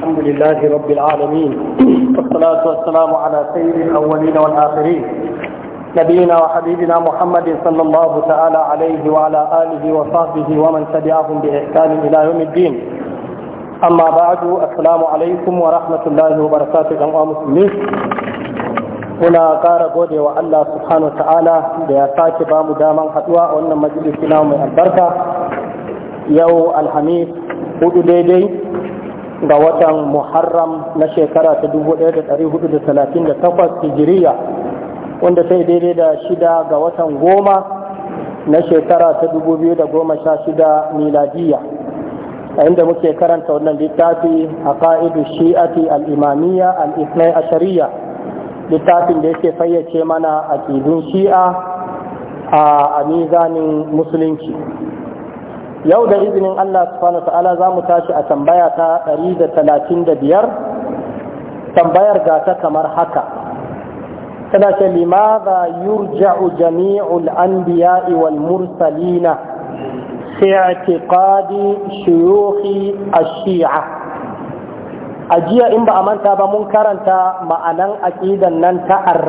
الحمد لله رب العالمين والصلاة والسلام على سيد الأولين والآخرين نبينا وحبيبنا محمد صلى الله تعالى عليه وعلى آله وصحبه ومن تبعهم بإحسان إلى يوم الدين أما بعد السلام عليكم ورحمة الله وبركاته جميعا مسلمين muna ƙara gode wa Allah subhanahu wa ta'ala da ya sake ba mu daman haɗuwa a wannan majalisi na mai albarka yau alhamis hudu daidai ga watan muharram na shekara ta 1438 hijiriya wanda sai daidai da shida ga watan goma na shekara ta 2016 miladiya a inda muke karanta wannan littafi a ka'idu shi'ati al'imamiyya al'isnai a shari'a littafin da yake fayyace mana a shi'a a mizanin musulunci yau da izinin Allah subhanahu ta'ala za mu tashi a tambaya ta 135 tambayar ga ta kamar haka tana ce limadha yurja'u jami'ul anbiya'i wal mursalina fi i'tiqadi shuyukhi ash-shi'a ajiya in ba a manta ba mun karanta ma'anan aqidan nan ta ar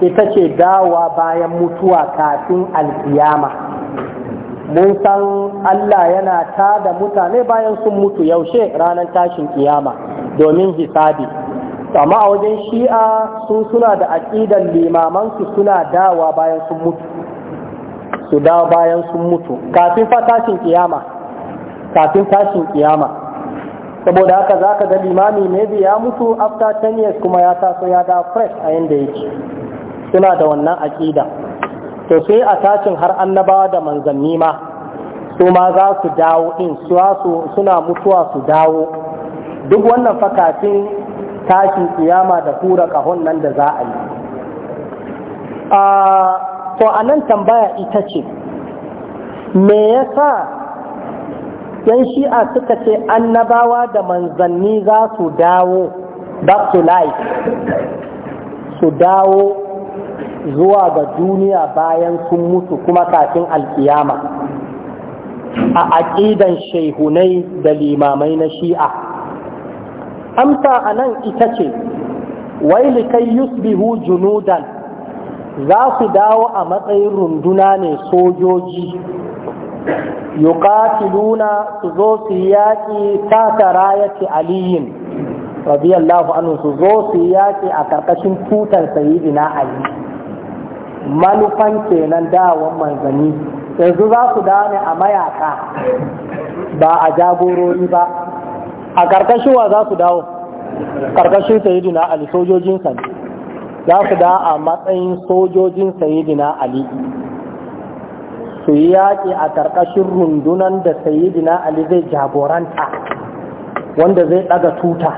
ita ce dawa bayan mutuwa kafin alkiyama mun san Allah yana ta da mutane bayan sun mutu yaushe ranar tashin kiyama domin hisabi amma a wajen shi'a sun suna da aƙidan limamansu suna dawa bayan sun mutu su dawa bayan sun mutu kafin fa tashin kiyama kafin tashin kiyama saboda haka za ka ga limami maybe ya mutu after 10 years kuma ya taso ya da fresh a yanda yake suna da wannan aƙidan. to sai a tashin har annabawa da manzanni ma su ma za su dawo in suna mutuwa su dawo duk wannan fakacin tashin tsiyama da hura kahon nan da za a yi to a nan tambaya ita ce me yasa yan shi'a suka ce annabawa da manzanni za su dawo back to life su dawo zuwa ga duniya bayan sun mutu kuma kafin alkiyama a aƙidan shehunai da limamai na shi'a amsa a nan ita ce wai likai yusbihu junudan za su dawo a matsayin runduna ne sojoji yuqatiluna su zo su yaƙi tata rayati aliyin radiyallahu anhu su zo su yaƙi a ƙarƙashin tutar sayidina ali manufan kenan dawon manzanni yanzu za su ne a mayaka ba a jagorori ba a ƙarƙashin wa za su dawo ƙarƙashin sayidina ali sojojinsa ne za su da a matsayin sojojin sayidina ali su yi yaƙi a ƙarƙashin rundunan da sayidina ali zai jagoranta wanda zai ɗaga tuta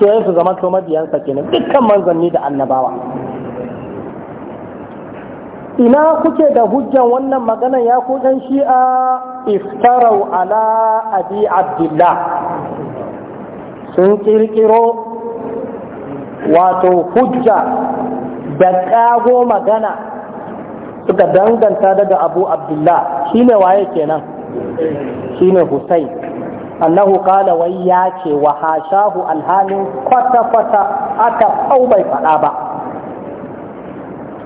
sai su zama to biyansa kenan dukkan manzanni da annabawa ina kuke da hujjan wannan magana ya ku dan shi'a iftarau ala abi abdullah sun kirkiro wato hujja da kago magana suka danganta daga abu abdullah ne waye kenan Shi ne. Hussain, annahu kala wai ya ce wa hashahu alhalin kwata-kwata aka bai faɗa ba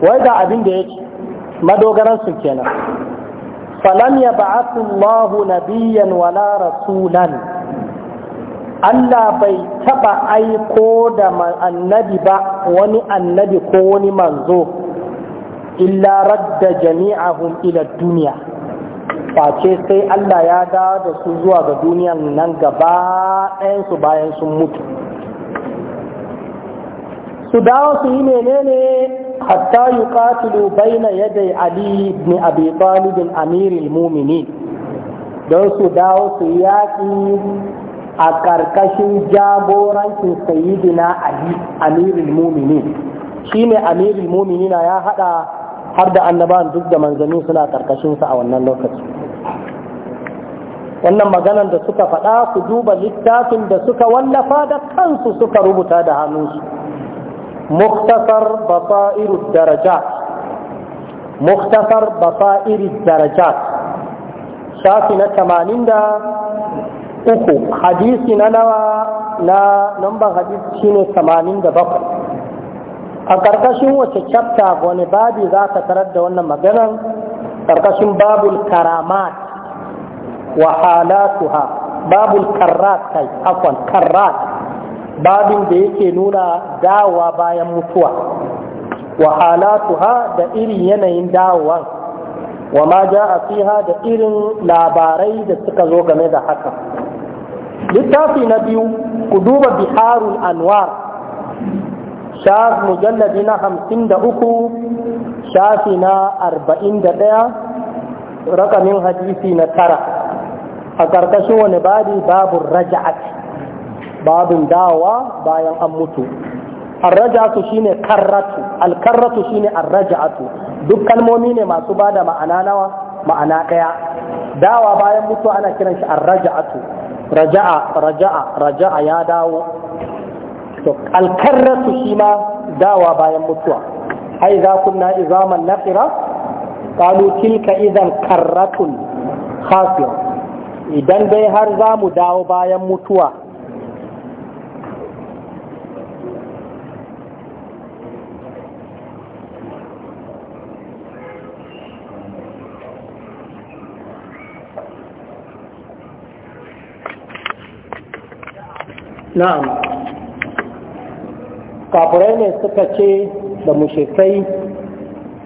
wai ga abin da ya ce Madogaran madogaransu kenan falam ya ba'athu Allahu nabiyyan wala rasulan Allah bai taɓa aiko da annabi ba wani annabi ko wani manzo illa radda jami'ahum ila duniya face sai Allah ya dawo da su zuwa ga duniyan nan gaba ɗayansu bayan sun mutu su dawo su yi menene hatta yuqatilu baina yaday ali ibn abi talib amiril don su dawo su yaƙi a ƙarƙashin jagorancin sayyidina ali amirul shi shine amirul na ya haɗa har da annaban duk da manzanni suna ƙarƙashinsa a wannan lokaci wannan maganan da suka faɗa ku duba littafin da suka wallafa da kansu suka rubuta da hannunsu مختصر بصائر الدرجات مختصر بصائر الدرجات شافنا كمانين دا uku hadisi na nawa na numban hadisi shine 87 a ƙarƙashin wace chapter wani babi za ka tarar da wannan maganan ƙarƙashin babul karamat wa halatuha babul kai babin da yake nuna dawowa bayan mutuwa wa halatuha da irin yanayin dawowan wa ma a fiha da irin labarai da suka zo game da haka littafi na biyu ku duba biharul anwar shaf mujalladi na hamsin da uku shafi na arba'in da ɗaya rakamin hadisi na tara a ƙarƙashin wani babi babu raja'ati babin dawa bayan an mutu arraja'atu shine karratu alkarratu shine arraja'atu duk kalmomi ne masu bada ma'ana nawa ma'ana daya dawa bayan mutu ana kiran shi arraja'atu raja'a raja'a raja'a ya dawo to alkarratu shi ma dawa bayan mutuwa ai za kunna izaman nafira qalu tilka idan karratun khasira idan dai har za mu dawo bayan mutuwa na'am kafirai ne suka ce da mushekai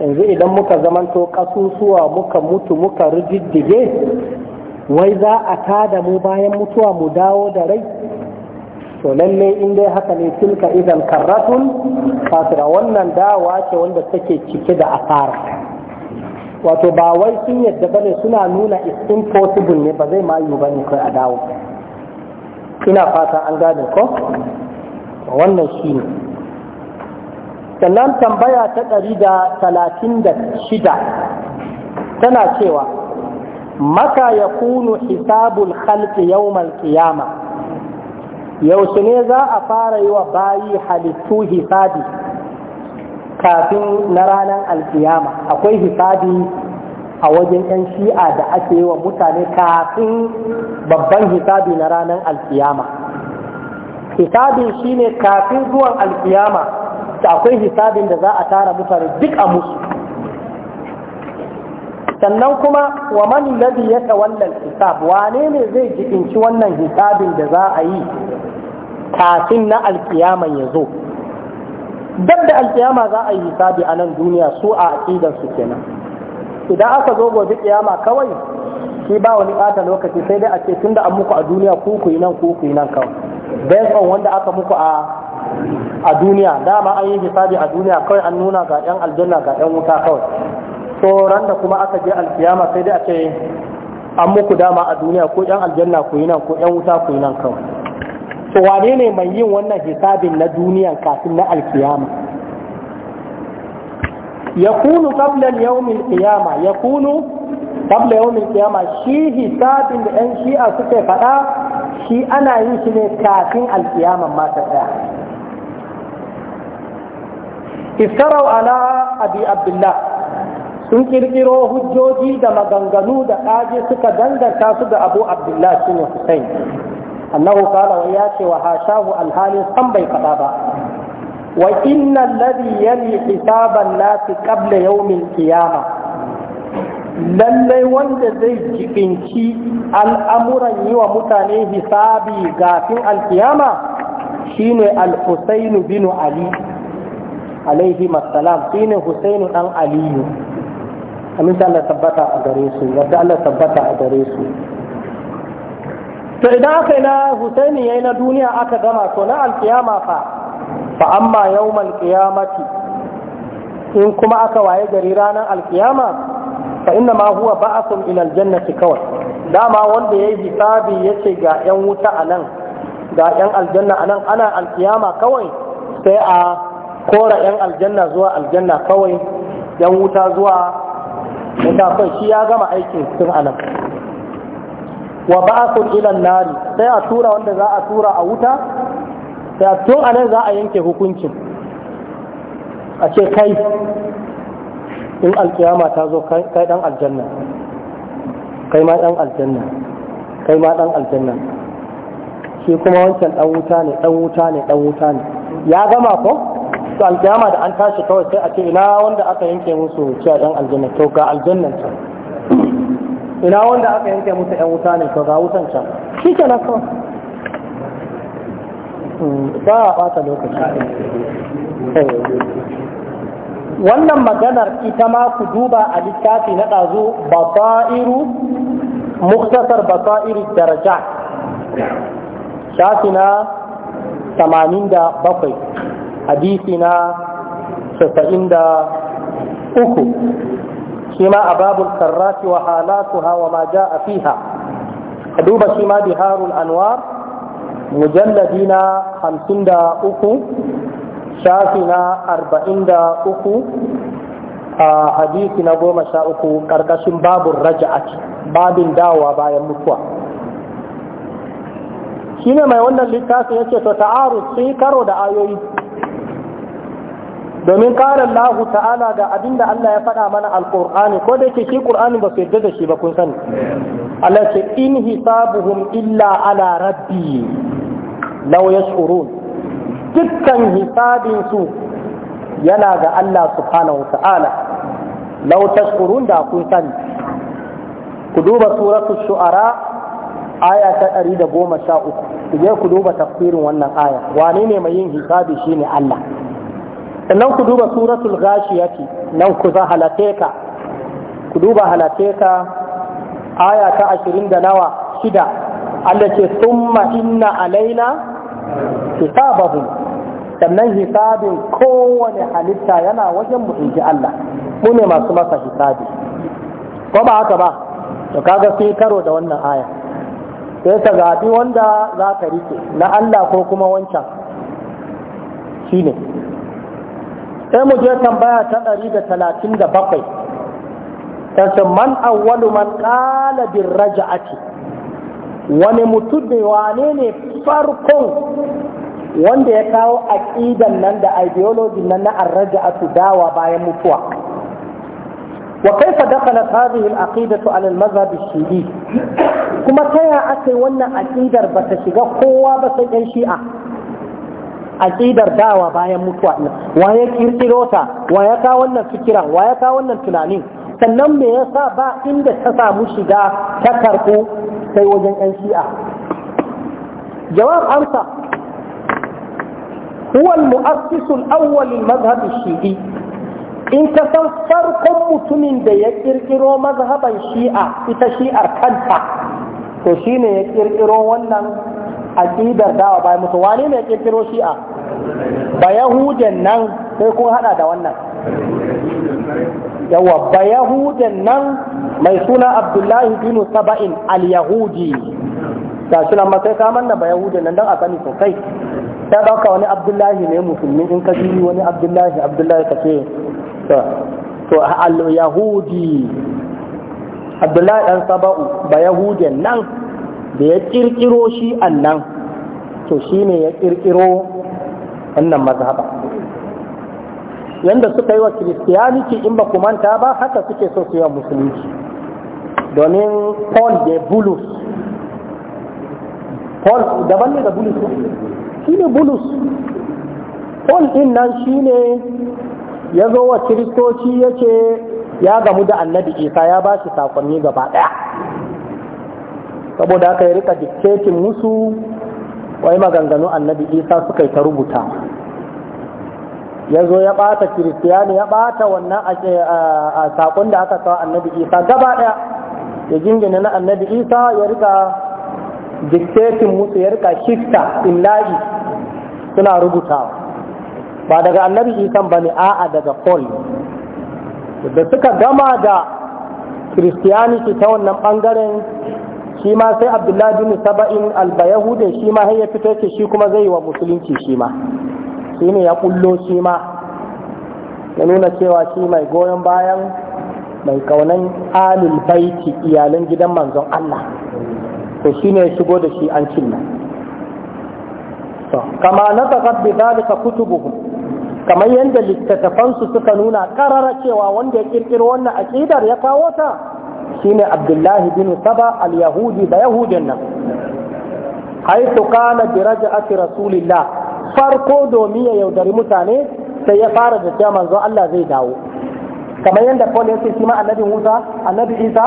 yanzu idan muka zamanto kasusuwa muka mutu muka rijiddige wai za a tada mu bayan mutuwa mu dawo da rai to lalle in dai haka ne tilka idan karratun fasira wannan dawa ce wanda take cike da asara wato ba wai sun yadda bane suna nuna it's impossible ne ba zai ma yiwu bane kai a dawo ina fata an gane ko wannan shi ne sannan tambaya ta ɗari da talatin da shida tana cewa maka ya kunu hisabul khalqi yawmal qiyama yaushe ne za a fara yi wa bayi halittu hisabi kafin na ranar alkiyama akwai hisabi a wajen 'yan shi'a da ake yi wa mutane kafin babban hisabi na ranar alkiyama hisabin shine kafin zuwan alkiyama da akwai hisabin da za a tara mutane duk a musu sannan kuma wa man ta wannan hisab wane ne zai jibinci wannan hisabin da za a yi kafin na alkiyama ya zo dab da alkiyama za a yi hisabi a nan duniya su a aqidan su kenan idan aka zo gobe kiyama kawai shi ba wani bata lokaci sai dai a ce tunda an muku a duniya ku ku yi nan ku ku yi nan kawai based on wanda aka muku a a duniya dama an yi hisabi a duniya kawai an nuna ga yan aljanna ga yan wuta kawai so ran da kuma aka je alkiyama sai dai a ce an muku dama a duniya ko yan aljanna ku yi nan ko yan wuta ku yi nan kawai to wane ne mai yin wannan hisabin na duniya kafin na alkiyama yakunu qabla yawm al-qiyama yakunu qabla yawm shi hisabin da yan shi'a suke faɗa shi ana yin shi ne kafin al-qiyama ma ta tsaya iftarau ala abi sun kirkiro hujjoji da maganganu da ɗaje suka danganta su da abu abdullah shi ne hussein annahu kala ya ce wa hashahu alhali san bai faɗa ba wa inna alladhi yali hisaban nasi qabla yawmil qiyamah lallai wanda zai jibinci al'amuran yi wa mutane hisabi gafin alkiyama shine al-husainu bin ali alaihi masalam shine husainu dan aliyu aminci Allah tabbata a gare su yadda Allah tabbata a gare su to idan aka yi na husaini ya yi na duniya aka gama to na alkiyama fa fa amma yawmal ce, in kuma aka waye gari ranar alkiyama fa inna ma huwa ba'athun ila aljannati kawai dama wanda yayi hisabi yace ga yan wuta anan ga yan aljanna anan ana alkiyama kawai sai a kora yan aljanna zuwa aljanna kawai yan wuta zuwa wuta kawai shi ya gama aikin a anan wa ba'athun ila nari sai a tura wanda za a tura a wuta da tun a nan za a yanke hukuncin a ce kai in alkiyama ta zo kai dan aljanna kai ma dan aljanna kai ma dan aljanna shi kuma wancan dan wuta ne dan wuta ne dan wuta ne ya gama ko to alkiyama da an tashi kawai sai a ce ina wanda aka yanke musu cewa dan aljanna to ga aljannan ta ina wanda aka yanke musu yan wuta ne to ga wutan can shi kenan kawai ba a lokaci wannan maganar ita ma ku duba a littafi na ɗazu basairu muktasar basairu daraja shafi na 87 hadisi na 93 shi ma a babul karrati wa halatuha Hawa ma a fiha duba shi ma biharul anwar mujalladi na hamsin da uku shafi na arba'in da uku a hadisi na goma sha uku ƙarƙashin babin raja'at babin dawa bayan mutuwa Shi ne mai wannan littafin yake to ta'arud sai karo da ayoyi domin ƙara Allah ta'ala ga abinda Allah ya faɗa mana alƙur'ani ko da yake shi ƙur'ani ba su yarda da shi ba kun sani Allah ce in hisabuhum illa ala rabbi law yashurun dukkan hisabin su yana ga Allah subhanahu ta'ala law tashkurun da kun sani ku duba suratu shu'ara aya ta 113 ku je ku duba tafsirin wannan aya wane ne mai yin hisabi shine Allah sannan ku duba suratul ghashiyati nan ku za halateka ku duba halateka aya ta ashirin da nawa shida Allah ce summa inna alaina hisabahu sannan hisabin kowane halitta yana wajen mutunci Allah mu ne masu masa hisabi ko ba haka ba to kaga sai karo da wannan aya sai ka zaɓi wanda za ka rike na Allah ko kuma wancan shine sai mu je tambaya ta ɗari da talatin da bakwai ta man awwalu man qala bir raja'ati wani mutum ne wane ne farkon wanda ya kawo aƙidan nan da ideology nan na su dawa bayan mutuwa wa kaifa dakhalat hadhihi al-aqidatu ala al-madhhab da shii kuma ta ya aka wannan ba ta shiga kowa ba sai ɗan shi'a aqidar dawa bayan mutuwa din wa ya kirkiro ta wa ya kawo wannan fikiran wa ya kawo wannan tunanin sannan me yasa ba inda ta samu shiga ta karɓo sai wajen yan shi'a jawab amsa huwa al-mu'assis al-awwal al-madhhab shii in ka san farkon mutumin da ya kirkiro mazhaban shi'a ita shi'ar kanta to shine ya kirkiro wannan aqidar dawa bayan mutu wane mai kirkiro shi'a ba yahudan nan sai kun hada da wannan yawa ba yahudan nan mai suna abdullahi bin saba'in al-yahudi ga shi masai sai na ba yahudan nan don a sani sosai ta dauka wani abdullahi ne musulmi in ka ji wani abdullahi abdullahi ka ce to al-yahudi abdullahi dan saba'u ba yahudan nan da ya kirkiro shi annan to shi ne ya kirkiro wannan mazhaba yanda suka yi wa kiristiyaniki in ba ku manta ba haka suke so su yi wa musulunci domin paul de bulus paul daban ne da bulus shi ne bulus paul din nan shi ne ya zo wa kiristoci ya ce ya gamu da annabi isa ya ba shi sakonni gaba daya saboda haka ya rika dictating musu wai maganganu annabi isa suka yi ta rubuta ya zo ya ɓata kiristiyani ya ɓata wannan a sakon da aka kawo annabi isa gaba ɗaya ya jingina na annabi isa ya rika dictating musu ya rika shifta illahi suna rubutawa ba daga annabi isa ba ne a'a daga paul da suka gama da christianity ta wannan bangaren. shi ma sai abdullahi bin saba'in albayahudin shi ma har ya fito ce shi kuma zai yi wa musulunci shi ma shi ne ya kullo shi ma ya nuna cewa shi mai goyon bayan mai kaunan alul baiti iyalan gidan manzon Allah to shi ne ya shigo da shi an cinna kama na taƙar da zalika kutubuhu kamar yadda littattafansu suka nuna ƙarara cewa wanda ya ƙirƙiro wannan aƙidar ya kawo ta shine abdullahi bin saba al-yahudi da yahudin nan haitu kana diraja raja'ati rasulillah farko domin ya yaudari mutane sai ya fara da cewa manzo Allah zai dawo kamar yadda Paul ya ce shi ma annabi Musa annabi Isa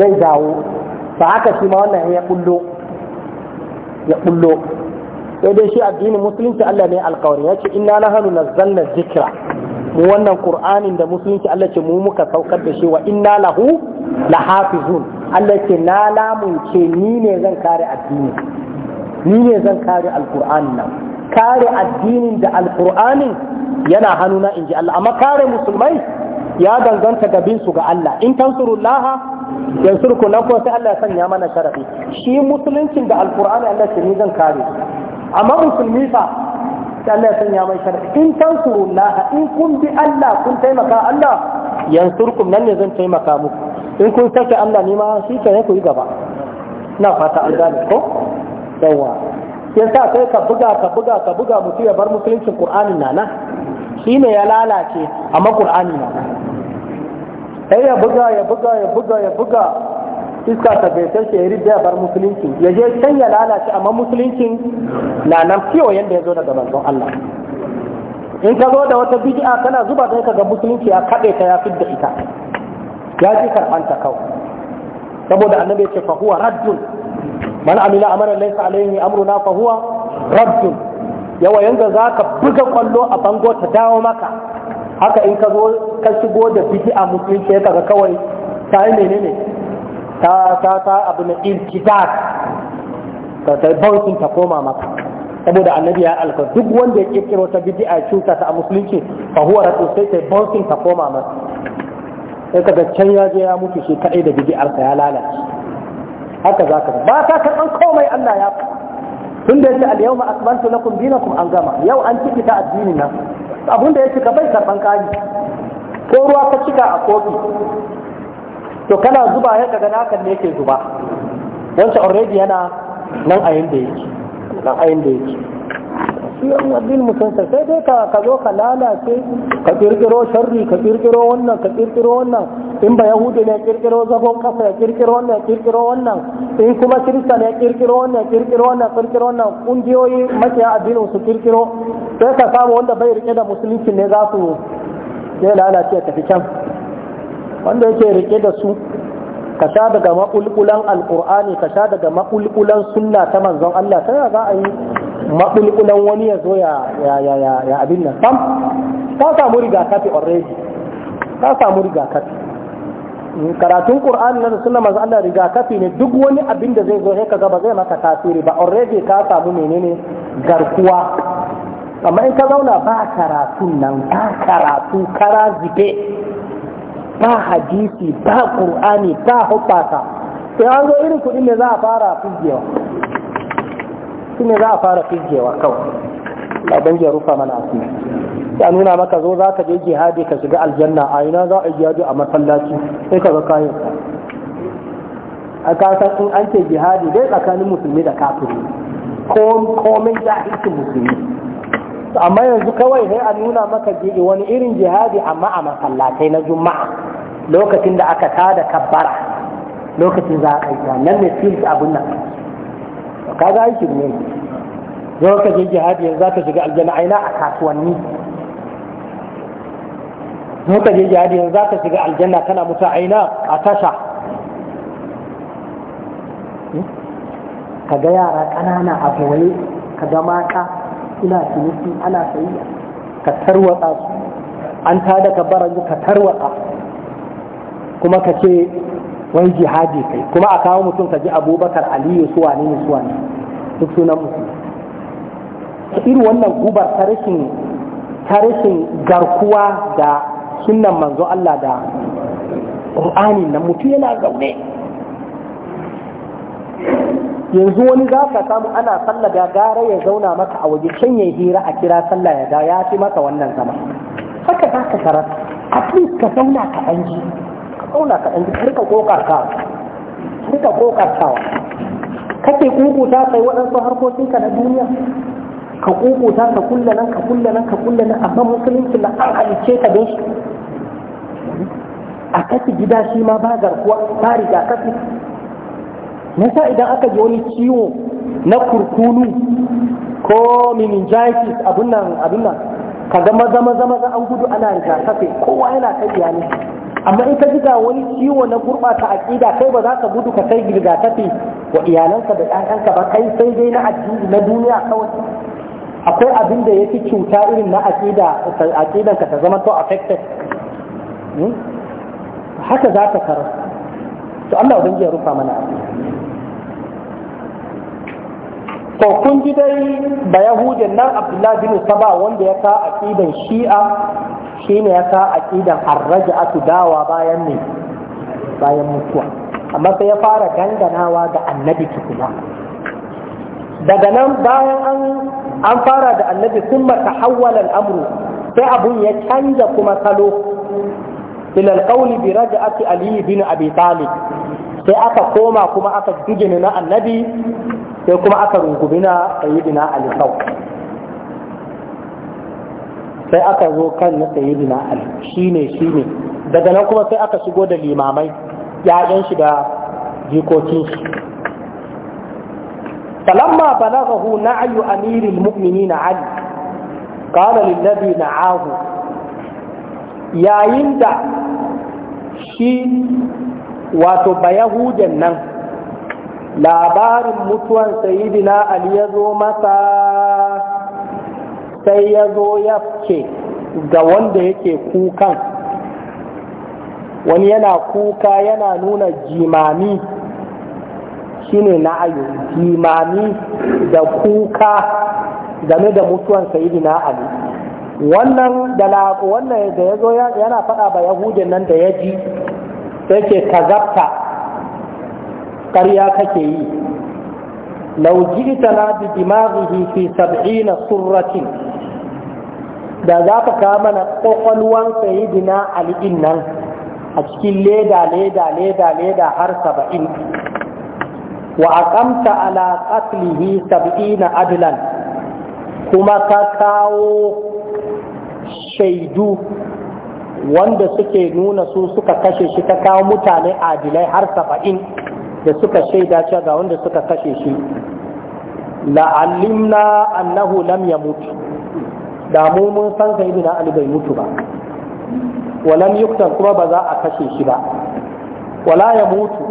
zai dawo ba haka shi ma wannan ya kullo ya kullo sai dai shi addinin musulunci Allah ne alƙawari ya ce inna nahnu nazzalna dhikra mu wannan qur'anin da musulunci Allah ce mu muka saukar da shi wa inna lahu lahafizun Allah ce na ce ni ne zan kare addini ni ne zan kare alqur'ani nan kare addinin da alqur'ani yana hannuna in ji Allah amma kare musulmai ya danganta ga bin su ga Allah in tansurullaha yansurku nan ko sai Allah ya sanya mana sharafi shi musuluncin da alqur'ani Allah ce ni zan kare amma musulmi fa sai Allah ya sanya mai sharadi in tansurullah in kun bi Allah kun taimaka Allah yansurkum nan ne zan taimaka muku in kun sake Allah ne ma shi ke ku yi gaba na fata an gane ko yawa sa sai ka buga ka buga ka buga mutum ya bar musuluncin Qur'anin nana ne ya lalace amma Qur'ani nana sai ya buga ya buga ya buga ya buga iska ta bai sai ya rida bar musulunci ya je can ya lalace amma musuluncin na nan kiyo yanda ya zo daga manzon Allah in ka zo da wata bid'a kana zuba da ka ga musulunci ya kade ta ya fidda ita ya ji ta kau saboda annabi ce fa huwa raddun man amila amran laysa alayhi amruna fa huwa raddun yawa yanda zaka buga kwallo a bango ta dawo maka haka in ka zo ka shigo da bid'a musulunci kaga kawai sai menene ta ta ta abu na iltitat ta ta bautin ta koma maka saboda annabi ya alka duk wanda ya kirkiro ta bid'a cuta ta musulunci fa huwa ratu sai ta bautin ta koma maka sai kaga can ya je ya mutu shi kadai da bid'ar sa ya lalace haka zaka ba ta karban komai Allah ya tun da yake al-yawma akmaltu lakum dinakum an gama yau an ciki ta addinin nan abun da ya bai karban kaji ko ruwa ka cika a kofi to kana zuba ya daga nakan ne yake zuba wancan already yana nan a yanda yake nan a yanda yake siyan abin mutunta sai dai ka ka zo ka lalace ka kirkiro sharri ka kirkiro wannan ka kirkiro wannan in ba yahudi ne kirkiro zagon kasa ya kirkiro wannan kirkiro wannan in kuma kirista ne kirkiro wannan kirkiro wannan kirkiro wannan kungiyoyi makiya addinin su kirkiro sai ka samu wanda bai rike da musulunci ne za su ne lalace fi can wanda yake rike da su ka sha daga maƙulƙulan alƙur'ani ka sha daga maƙulƙulan sunna ta manzon Allah ta za a yi maƙulƙulan wani ya zo ya abin nan sam ka samu rigakafi already ka samu rigakafi mm, karatun Ƙur'ani na sunna manzon Allah rigakafi ne duk wani abin da zai zo sai ga ba zai maka tasiri ba already ka samu menene garkuwa amma in ka zauna ba karatun nan ba karatu kara zibe ba hadisi ba qur'ani ba hubbasa sai an zo irin kuɗi ne za a fara fijewa su ne za a fara fijewa kawai ba ban rufa mana asiri sai nuna maka zo za ka je jihadi ka shiga aljanna a ina za a jihadi a masallaci sai ka ga kayan a kasar in an ce jihadi dai tsakanin musulmi da kafiri komin jahilcin musulmi amma yanzu kawai sai a nuna maka wani irin jihadi amma a masallatai na juma'a lokacin da aka tada kabbara lokacin za a kaita nan ne fils abun nan ka ga aiki ne zo ka je jihadi yanzu za shiga aljanna aina a kasuwanni zo ka jihadi yanzu za shiga aljanna kana mutu aina a tasha hmm? ka ga yara ƙanana a boye ka ga mata suna ciniki ana sayayya ka tarwatsa su an tada ka bara ka tarwatsa kuma ka ce wani jihadi kai kuma a kawo mutum ka ji abubakar aliyu suwa ne ne suwa ne duk sunan musu irin wannan gubar ta rashin garkuwa da sunan manzo Allah da ƙur'ani na mutum yana zaune yanzu wani za ka samu ana sallah ga ya zauna maka a waje can ya hira a kira sallah ya ga ya fi maka wannan zama haka za ka tarar at least ka zauna ka ɗan ji ka zauna ka ɗan ji ka rika kokartawa ka rika kokartawa kake kukuta kai waɗansu harkokinka na duniya ka kukuta ka kulla nan ka kulla nan ka kulla nan amma musulunci na an halice ka don shi a kasi gida shi ma ba garkuwa ba riga kasi nasa idan aka ji wani ciwo na kurkunu ko meningitis abin nan abin nan ga maza maza maza an gudu ana kafe kowa yana kai ne amma in ka ji ga wani ciwo na gurɓata aqida kai ba za ka gudu ka kai kafe wa iyalanka da ƴaƴanka ba kai sai dai na addini na duniya kawai akwai abin da ya fi cuta irin na aƙida aqidan ka ta zama to affected hmm? haka za ka karu to Allah ubangiji ya rufa mana asiri to kun ji dai da yahudin nan abdullahi bin saba wanda ya ka aqidan shi'a shine ya ka aqidan arraja'atu dawa bayan ne bayan mutuwa amma sai ya fara danganawa ga annabi tukuna daga nan bayan an an fara da annabi sun mata al-amru sai abun ya canza kuma salo ila al-qawli bi raja'ati ali bin abi talib sai aka koma kuma aka jigina na annabi sai kuma aka rungumi na sayidina ali sai aka zo kan na sayidina ali shine shine daga nan kuma sai aka shigo da limamai ya'yan shi da jikokin shi falamma balaghahu na'yu amiril mu'minin ali qala lil ladhi na'ahu yayin da shi wato bayahudan nan labarin mutuwan sayidina ali ya zo masa sai ya zo ya ce ga wanda yake kukan wani yana kuka yana nuna jimami shine na ayu jimami da kuka game da mutuwan sayidina ali wannan da wannan da ya zo yana faɗa ba yahudin nan da ya ji sai ke kazabta ƙarya kake yi lauji ita na bi dimaghihi fi sab'ina surratin da za ka kawo mana ƙwaƙwalwan na ali'in nan a cikin leda leda leda leda har saba'in wa aqamta ala qatlihi sab'ina adlan kuma ka kawo shaidu wanda suke nuna su suka kashe shi ka kawo mutane adilai har saba'in da suka shaida cewa ga wanda suka kashe shi la'allimna annahu lam yamut da mu mun san ibn ali bai mutu ba walam yuktar kuma ba za a kashe shi ba wala ya mutu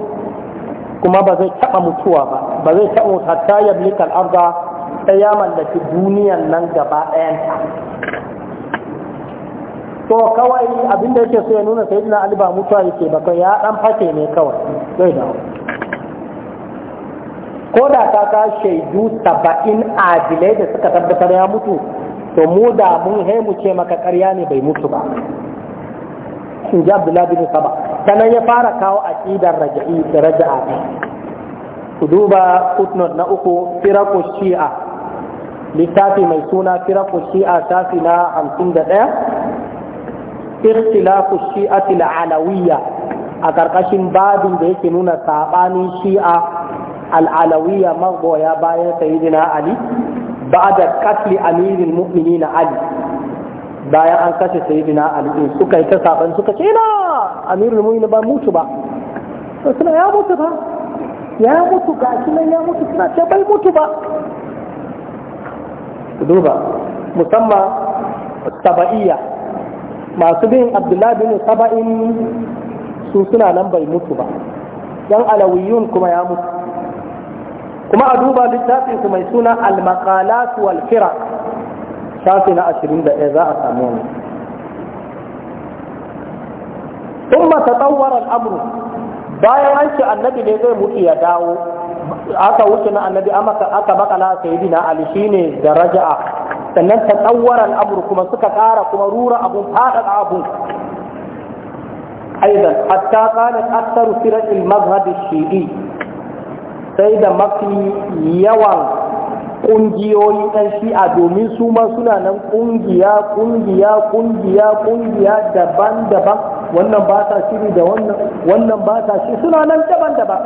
kuma ba zai taɓa mutuwa ba ba zai taɓa hatta ya milika al'arda sai ya mallaki duniyan nan gaba ta to kawai abinda yake so ya nuna ibn ali ba mutuwa yake ba ya dan fake ne kawai zai dawo ko da ta ka shaidu saba'in adilai da suka tabbatar ya mutu to mu da mun haimu ce maka karya ne bai mutu ba in ji abdullahi bin saba sannan ya fara kawo aqidar raja'i da raja'a ku duba footnote na uku firaku shi'a littafi mai suna firaku shi'a shafi na hamsin da ɗaya ikhtilafu shi'atil alawiyya a ƙarƙashin babin da yake nuna saɓanin shi'a Al'alawiya magoya bayan sayidina ali ba'da katli amirin mu'minina ali bayan an kashe sayidina ali din suka yi ta saban suka ce na, amirul mu'minin ba mutu ba to suna ya mutu ba ya mutu ga shi ya mutu suna ce bai mutu ba duba musamman saba'iyya masu bin abdullahi bin saba'in su suna nan bai mutu ba yan alawiyun kuma ya mutu kuma a duba littafin su mai suna al-maqalat wal firaq shafi na 21 za a samu wani thumma tatawwara al-amru bayan an ce annabi ne zai mutu ya dawo aka wuce na annabi aka makala sayyidina ali shine daraja'a sannan ta al-amru kuma suka kara kuma rura abun fada abun أيضا حتى قالت أكثر فرق المذهب الشيعي sai da mafi yawan ƙungiyoyi ɗan shi'a domin su ma suna nan ƙungiya ƙungiya ƙungiya ƙungiya daban-daban wannan ba ta shiri da wannan wannan ba ta shi suna nan daban-daban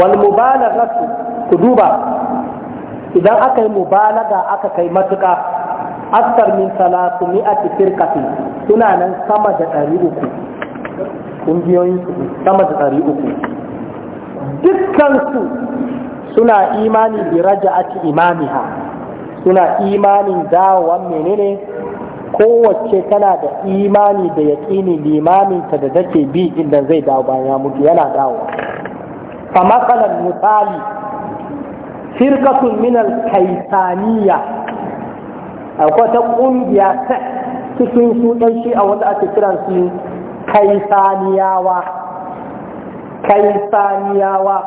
wal mubalaga ku duba idan aka yi mubalaga aka kai matuƙa askar min salatu mi'ati firqati suna nan sama da 300 ƙungiyoyin su sama da 300 dukkansu suna imani bi raja'ati imamiha suna imanin dawa menene kowace tana da imani da yaƙini limaminta da take bi inda zai dawo bayan ya mutu yana dawo fa matsalar misali firkatun minal kaisaniya akwai ta ƙungiya ta cikin su ɗan shi a wanda ake kiran su kaisaniyawa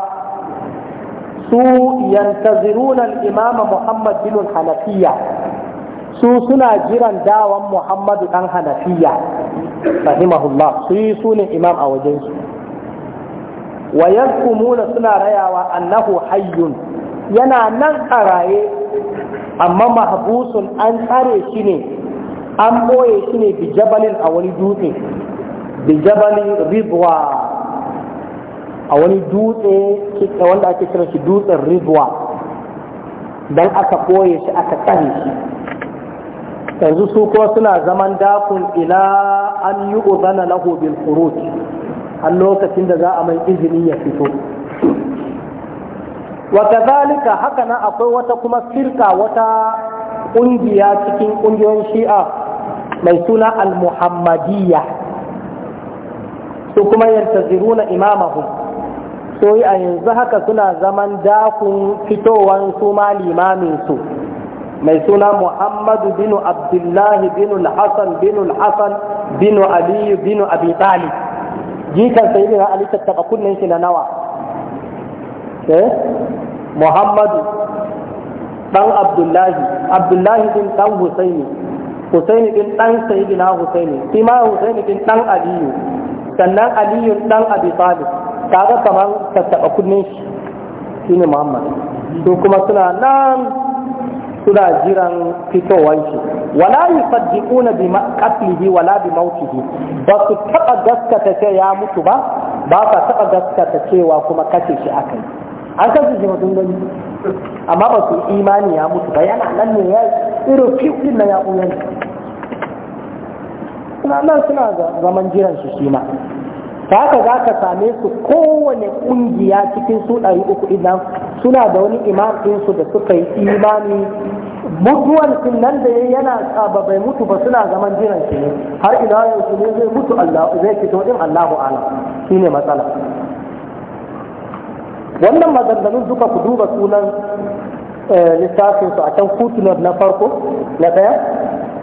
su yantaziruna al-imama Muhammad bin Hanafiya su suna jiran dawan Muhammadu dan Hanafiya rahimahullah su yi sunan imam a wajensu. wa suna rayawa annahu hayyun yana nan a raye amma mahbusun an tsare shi ne an boye shi ne bijabalin a wani dutse bijabalin ribwa. a wani dutse wanda ake kira shi dutsen rizwa don aka koye shi aka tsare shi yanzu su kuma suna zaman dakun ila an yi uzana lahu bil khuruj a lokacin da za a mai izini ya fito wa kazalika haka nan akwai wata kuma sirka wata ƙungiya cikin ƙungiyoyin shi'a mai suna al-muhammadiyya su kuma yantaziruna imamahum so a yanzu haka suna zaman dakun fitowar su ma limaminsu mai suna muhammadu binu abdullahi binu hassan binu hassan binu aliyu binu abi talib jikan sai ibn ali tattaba kunnen shi na nawa eh muhammadu dan abdullahi abdullahi bin dan husaini husaini bin dan sayyidina husaini shi ma husaini bin dan aliyu sannan aliyu dan abi talib kaga kamar taba kudin shi shine muhammad su kuma suna nan suna jiran fitowar shi wala yusaddiquna bi qatlihi wala bi mautihi ba su taɓa gaskata ce ya mutu ba ba ka taɓa gaskata cewa kuma kashe shi akai an san shi mutum gani amma ba su imani ya mutu ba yana nan ne ya irin fiye din na ya ɓuya suna nan suna zaman jiran shi shi ma ta haka za ka same su kowane kungiya cikin su ɗari uku idan suna da wani imaninsu da suka yi imani Mutuwar sun nan da yana tsaba bai mutu ba suna zaman jiran shi ne har ina yau su ne zai mutu Allah zai fito din Allahu ala shine matsala wannan maganganun duka ku duba sunan eh, littafin su a can footnote na farko na ɗaya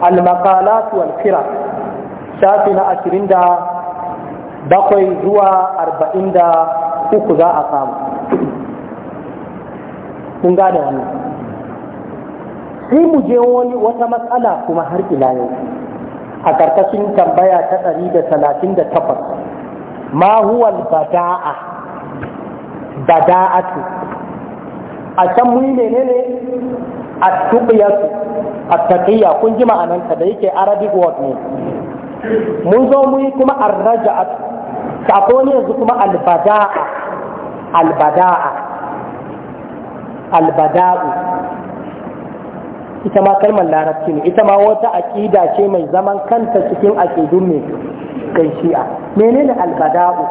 al-maqalat wal shafi na ashirin bakwai zuwa arba'in da uku za a samu kun gane wannan sai mu je wani wata matsala kuma har ila yau a ƙarƙashin tambaya ta ɗari da talatin da takwas ma huwal bada'a bada'atu a can muni menene a tuƙiyatu a taƙiyya kun ji ma'anarta da yake arabic word ne mun zo mu yi kuma arraja'atu ka yanzu kuma albada'a albada'a albada'u ita ma kalmar larabci ne ita ma wata aƙida ce mai zaman kanta cikin aƙidun mai kai shi'a menene albada'u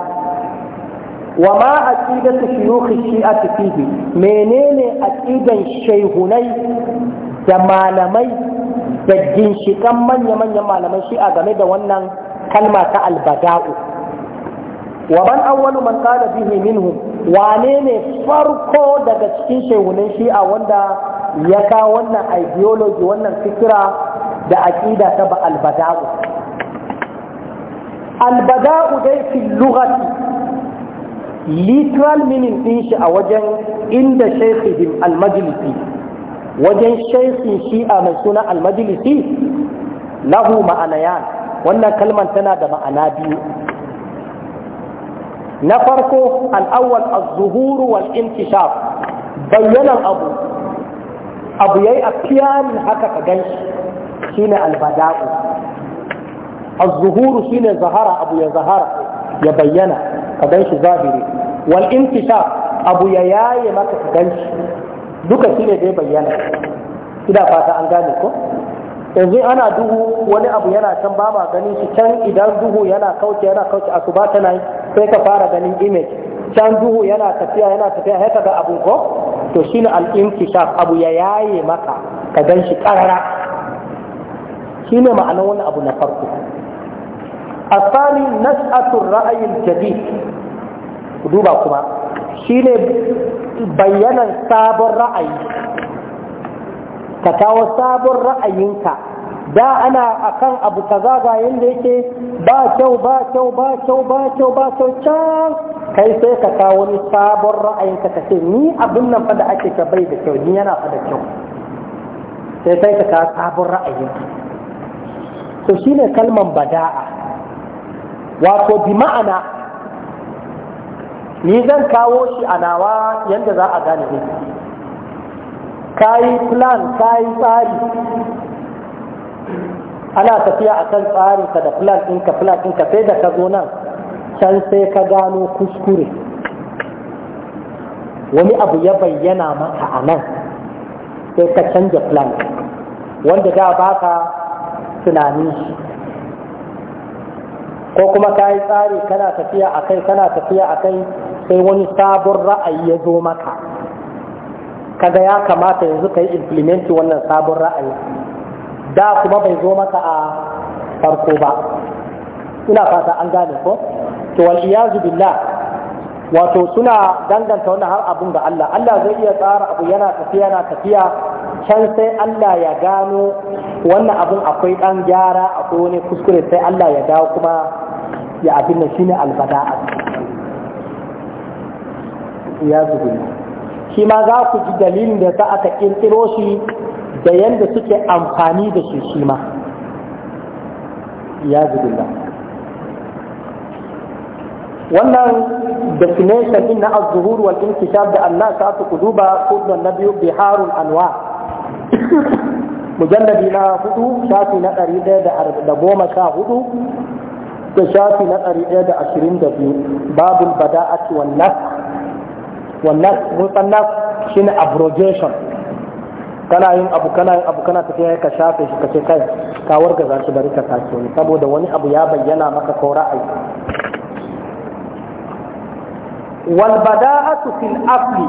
wa ma aqidatu shuyukh shi'a fihi menene aƙidan shaihunai da malamai da ginshiƙan manya-manyan malamai shi'a game da wannan kalma ta albada'u wa ban awwalu man qala bihi minhum wane ne farko daga cikin shehunan shi'a wanda ya kawo wannan ideology wannan fikira da aqida ta ba albada'u albada'u dai fi lughati literal meaning din shi a wajen inda shaykhihim almajlisi wajen shaykhin shi'a mai suna almajlisi lahu ma'anayan wannan kalman tana da ma'ana biyu na farko al'awwal az-zuhuru wal intishaf bayyanan abu abu yayi afiyan haka ka ganshi shine al-bada'u az-zuhuru shine zahara abu ya zahara ya bayyana ka ganshi zahiri wal intishaf abu ya yaye maka ka ganshi duka shine da ya bayyana ina fata an gane ko yanzu ana duhu wani abu yana can ba ma ganin shi can idan duhu yana kauce yana kauce a su ba tana sai ka fara ganin image can duhu yana tafiya yana tafiya haka ga abu ko to shine al-inkishaf abu ya yaye maka ka gan shi karara shine ma'anar wani abu na farko asali nas'atul ra'ayin jadid duba kuma shine bayanan sabon ra'ayi ka kawo sabon ra'ayinka da ana akan abu kaza ga yanda yake ba kyau ba kyau ba kyau ba kyau ba kyau can kai sai ka kawo wani sabon ra'ayinka ka ce ni abin nan fa da ake ka bai da kyau ni yana fa da kyau sai sai ka kawo sabon ra'ayinka to shine kalman bada'a wato bi ma'ana ni zan kawo shi a nawa yadda za a gane ne ka yi plan ka yi tsari ana tafiya a kan tsarinka da plan ɗinka plan ɗinka sai da ka zo nan can sai ka gano kuskure wani abu ya bayyana maka a nan sai ka canja plan wanda da ba ka tunanin shi ko kuma ka yi tsari kana tafiya a kai kana tafiya a kai sai wani sabon ra'ayi ya zo maka kaga ya kamata yanzu ka yi implementi wannan sabon ra'ayi da kuma bai zo maka a farko ba ina fata an gane ko to wal iyazu billah wato suna danganta wannan har abun ga Allah Allah zai iya tsara abu yana tafiya yana tafiya can sai Allah ya gano wannan abun akwai dan gyara akwai wani kuskure sai Allah ya dawo kuma ya abin nan shine albada'a iyazu billah shi ma za ku ji dalilin da za aka kirkiro shi da yadda suke amfani da shi shi ma ya zubilla wannan definition din na az-zuhur wal inkishaf da Allah ta ku duba kullun nabiyyu biharul anwa mujalladi na hudu shafi na ɗari ɗaya da goma sha hudu da shafi na ɗari ɗaya da ashirin da biyu babul bada'ati wan nasr wannan musan nas shine abrogation kana yin abu kana yin abu kana tafiya ka shafe shi ka kai ka warga za shi bari ka tashi ne saboda wani abu ya bayyana maka ko ra'ayi wal bada'atu fil afli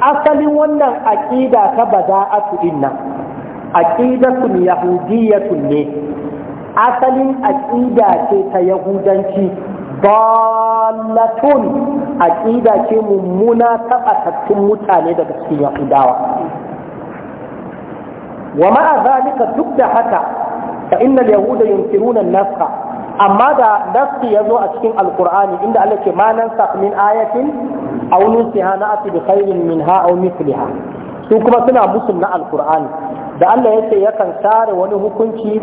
asalin wannan aqida ta bada'atu inna aqidatun yahudiyyatun ne asalin aqida ce ta yahudanci dallatun aqida ce mummuna ta batattun mutane daga cikin yahudawa wa ma'a zalika duk da haka fa innal yahuda yunkiruna an-nasa amma da ya zo a cikin alqur'ani inda Allah ke ma nan min ayatin aw nusiha na'ati bi khairin minha aw mithliha su kuma suna musun na alqur'ani da Allah yake yakan sare wani hukunci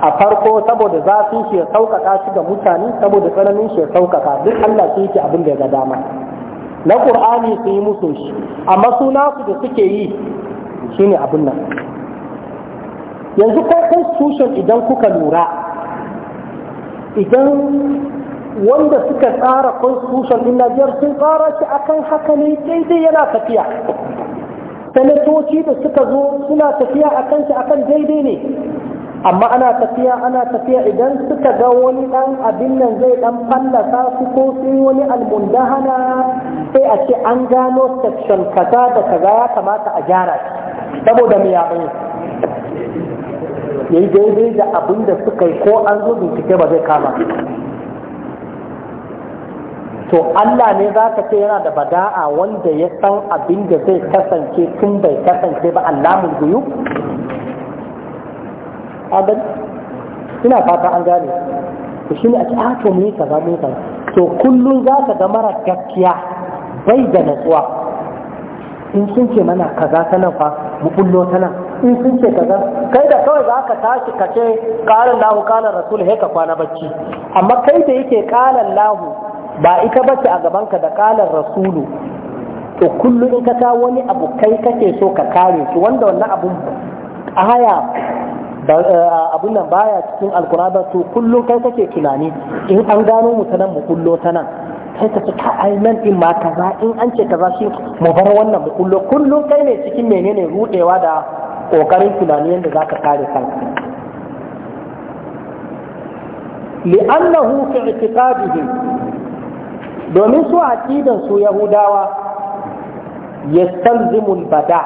a farko saboda zafin shi ya sauƙaƙa shi ga mutane saboda tsananin shi ya sauƙaƙa duk Allah shi yake abin da ya ga dama na Qur'ani su yi musu shi amma suna su da suke yi ne abin nan yanzu ko constitution idan kuka lura idan wanda suka tsara constitution din Najeriya sun tsara shi akan haka ne daidai yana tafiya sanatoci da suka zo suna tafiya akan shi akan daidai ne amma ana tafiya ana tafiya idan suka ga wani dan abin nan zai dan fallasa su ko sun wani almundahana sai a ce an gano section kaza da kaza ya kamata a gyara shi saboda me ya bai yayi daidai da abin da suka yi ko an zo bincike ba zai kama to Allah ne za ka ce yana da bada'a wanda ya san abin da zai kasance tun bai kasance ba Allah mun guyu abin ina fata an gane to shi ne a cikin mu yi kaza mu yi to kullum za ka ga mara gaskiya bai da natsuwa in sun ce mana kaza ta nan fa mu kullo ta nan in sun ce kaza kai da kawai za ka tashi ka ce ƙarin lahu ƙarin rasul he ka kwana bacci amma kai da yake ƙarin lahu ba ita bace a gaban ka da ƙarin rasulu to kullum in ka ta wani abu kai kake so ka kare shi wanda wannan abun aya Eh, abun nan baya cikin alkur'ani to kullum kai kake tunani in an gano mu ta nan mu kullo ta kai ka ce ka ai nan din ma kaza in an ce kaza shi mu bar wannan mu kullo kullum kai ne cikin menene rudewa da kokarin tunani yadda zaka kare kanka li'annahu fi i'tiqadihim domin su aqidan su yahudawa yastalzimul bada'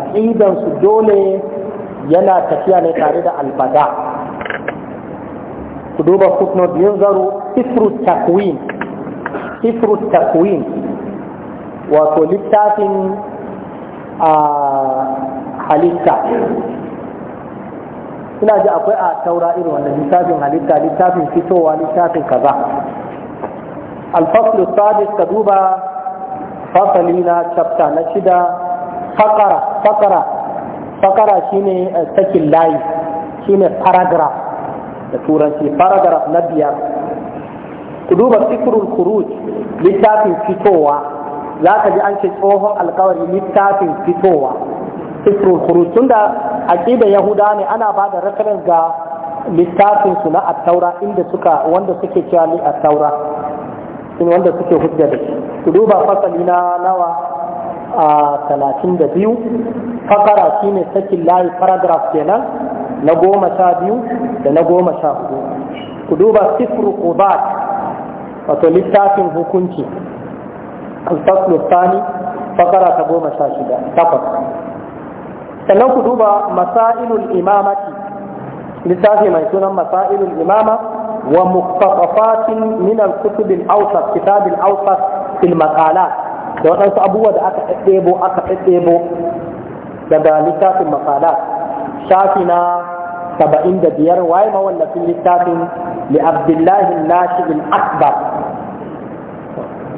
aqidan su dole yana tafiya ne tare da albada ku duba footnote yin zaro sifru takwin sifru takwin wato littafin a halitta ina ji akwai a taura irin wannan littafin halitta littafin fitowa littafin kaza alfaslu sadis ka duba fasali na chapter na shida fakara fakara fakara shine eh, sakin layi shine paragraph da turanci paragraph na biyar ku duba fikrul kuruj littafin fitowa za ka ji an ce tsohon alkawari littafin fitowa fikrul kuruj da aqida yahuda ne ana ba da reference ga littafin su na attaura inda suka wanda suke cewa ni attaura wanda suke hujja da shi ku duba fasali na nawa a talatin da biyu fakara shi ne sakin layi paragraf kenan na goma sha biyu da na goma sha hudu ku duba sifru qubat wato littafin hukunci alfaslu thani fakara ta goma sha shida takwas sannan ku duba masailul imamati littafi mai sunan masailul imama wa muqtafafatin min al-kutub al-awsat kitab al-awsat fil maqalat da waɗansu abubuwa da aka ɗaɗɗebo aka ɗaɗɗebo daga littafin makala shafi na saba'in da biyar waye mawallafin littafin li abdullahi nashi akbar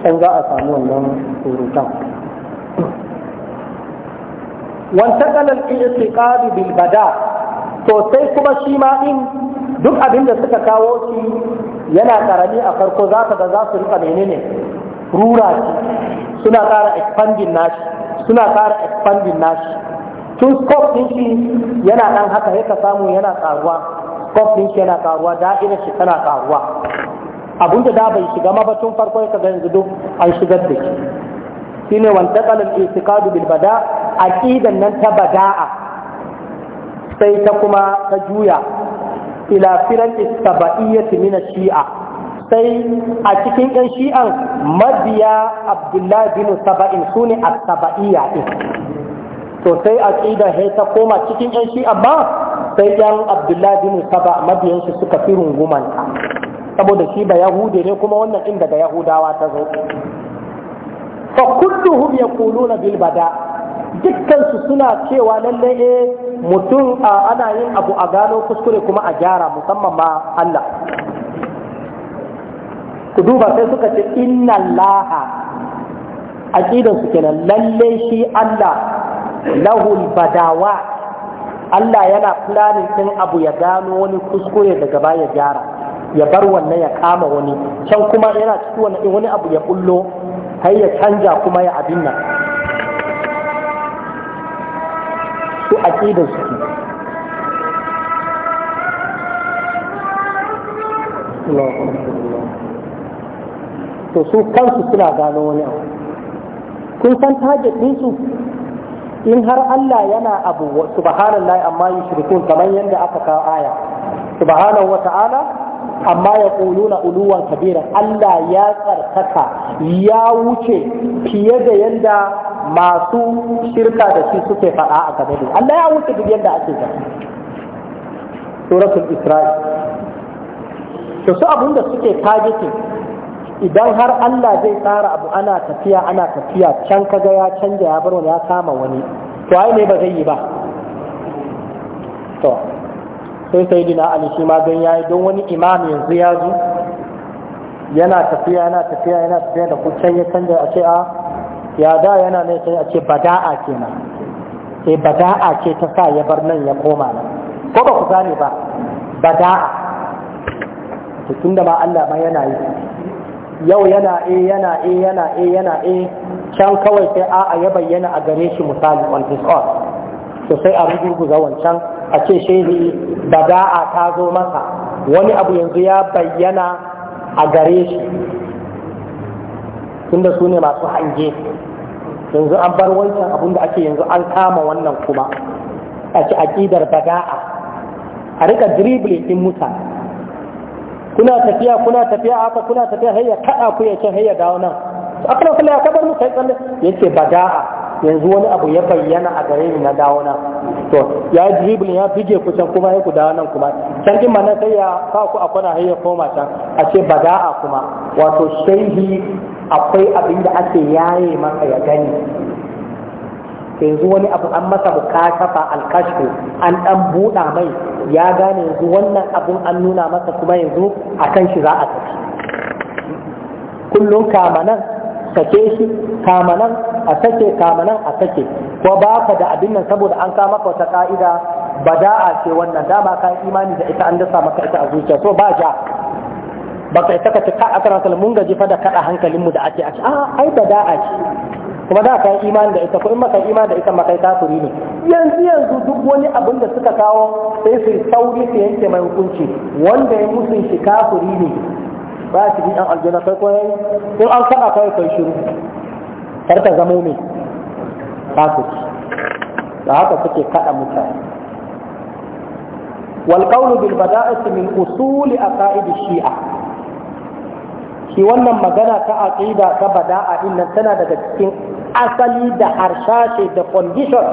can za a samu wannan surutan وانتقل الاعتقاد بالبداء to sai kuma shi ma in duk abin da suka kawo shi yana ƙarami a farko za ka ga za su rika menene rura shi suna ƙara expanding nashi suna ƙara expanding nashi tun scope din shi yana ɗan haka ya ka samu yana ƙaruwa scope din shi yana ƙaruwa da'irar shi tana ƙaruwa abinda da bai shiga ma ba tun farko ya ga yanzu duk an shigar da shi shine wanda ƙalin itikadu bil bada ƙidan nan ta bada'a sai ta kuma ta juya ila firan istaba'iyyati min shi'a sai a cikin ɗan shi'an mabiya abdullahi bin saba'in su ne a saba'iyya ɗin to sai a ta koma cikin ɗan shi'an ma sai ɗan abdullahi bin saba mabiyan shi suka fi rungumanta saboda shi ba yahude ne kuma wannan ɗin daga yahudawa ta zo fa kulluhum yaquluna bil bada' dukkansu suna cewa lallai eh mutum ana yin abu a gano kuskure kuma a gyara musamman ma Allah ku duba sai suka ce inna laha aqidansu kenan lalle shi Allah lahul badawa Allah yana planning ɗin abu ya gano wani kuskure daga baya gyara ya bar wannan ya kama wani can kuma yana ciki wani wani abu ya bullo har ya canja kuma ya abin nan su aqidansu kenan Allahu to su kansu suna gano wani abu kun san target din su? in har Allah yana abu subhanallahi amma yushrikun kamar yadda aka kawo aya subhanahu wa ta'ala amma ya na uluwan kabira Allah ya tsarkaka ya wuce fiye da yadda masu shirka da shi suke faɗa a game da Allah ya wuce duk yadda ake ga suratul isra'i to su da suke targeting idan har Allah zai tsara abu ana tafiya ana tafiya can kaga ya canja ya bar wani ya kama wani to ai ne ba zai yi ba to sai sai dina ali shi ma don yayi don wani imam yanzu ya zo yana tafiya yana tafiya yana tafiya da kucin ya canja a ce a ya da yana ne sai a ce bada'a kenan sai eh, bada'a ce ta sa ya bar nan ya koma nan ko ba ku gane ba bada'a to tunda ma Allah ma yana yi yau yana a yana a yana a yana a can kawai sai a'a ya bayyana a gare shi misali on his own to sai a rugurguza wancan a ce shehi bada'a ta zo masa wani abu yanzu ya bayyana a gare shi tunda su ne masu hange yanzu an bar wancan abun da ake yanzu an kama wannan kuma a ci aƙidar bada'a a rika dribble ɗin mutane kuna tafiya kuna tafiya haka kuna tafiya hayya kada ku yace hayya dawo nan akwai kuma ya kabar mu kai tsalle yace bada'a yanzu wani abu ya bayyana a gare ni na dawo nan to ya jibril ya bige ku can kuma ya ku dawo nan kuma can din mana sai ya sa ku a kwana hayya koma can a ce bada'a kuma wato sai akwai abin da ake yaye maka ya gani yanzu wani abu an masa bukatafa alkashu an dan buɗa mai ya gane yanzu wannan abun an nuna masa kuma yanzu a kan shi za a tafi kullum kamanan sake shi kamanan a sake kamanan a sake ko ba ka da abin nan saboda an kama maka wata ka'ida a ce wannan dama ka imani da ita an dasa maka ita a zuciya so ba ja baka ita ka ci ka a mun gaji fa da kada hankalinmu da ake a ce a ai a ce kuma da ka yi imani da ita ko in maka imani da ita makai kafiri ne yanzu yanzu duk wani abin da suka kawo sai su sauri su yanke mai hukunci wanda ya musu shi kafiri ne ba shi bi an aljanna kai ko in an faɗa kai kai shiru kar ta zamo mai kafiri da haka suke kada mutane wal qawlu bil bada'ati min usuli ka'idu shi'a shi wannan magana ta aqida ta bada'a din nan tana daga cikin asali da harshashe da condition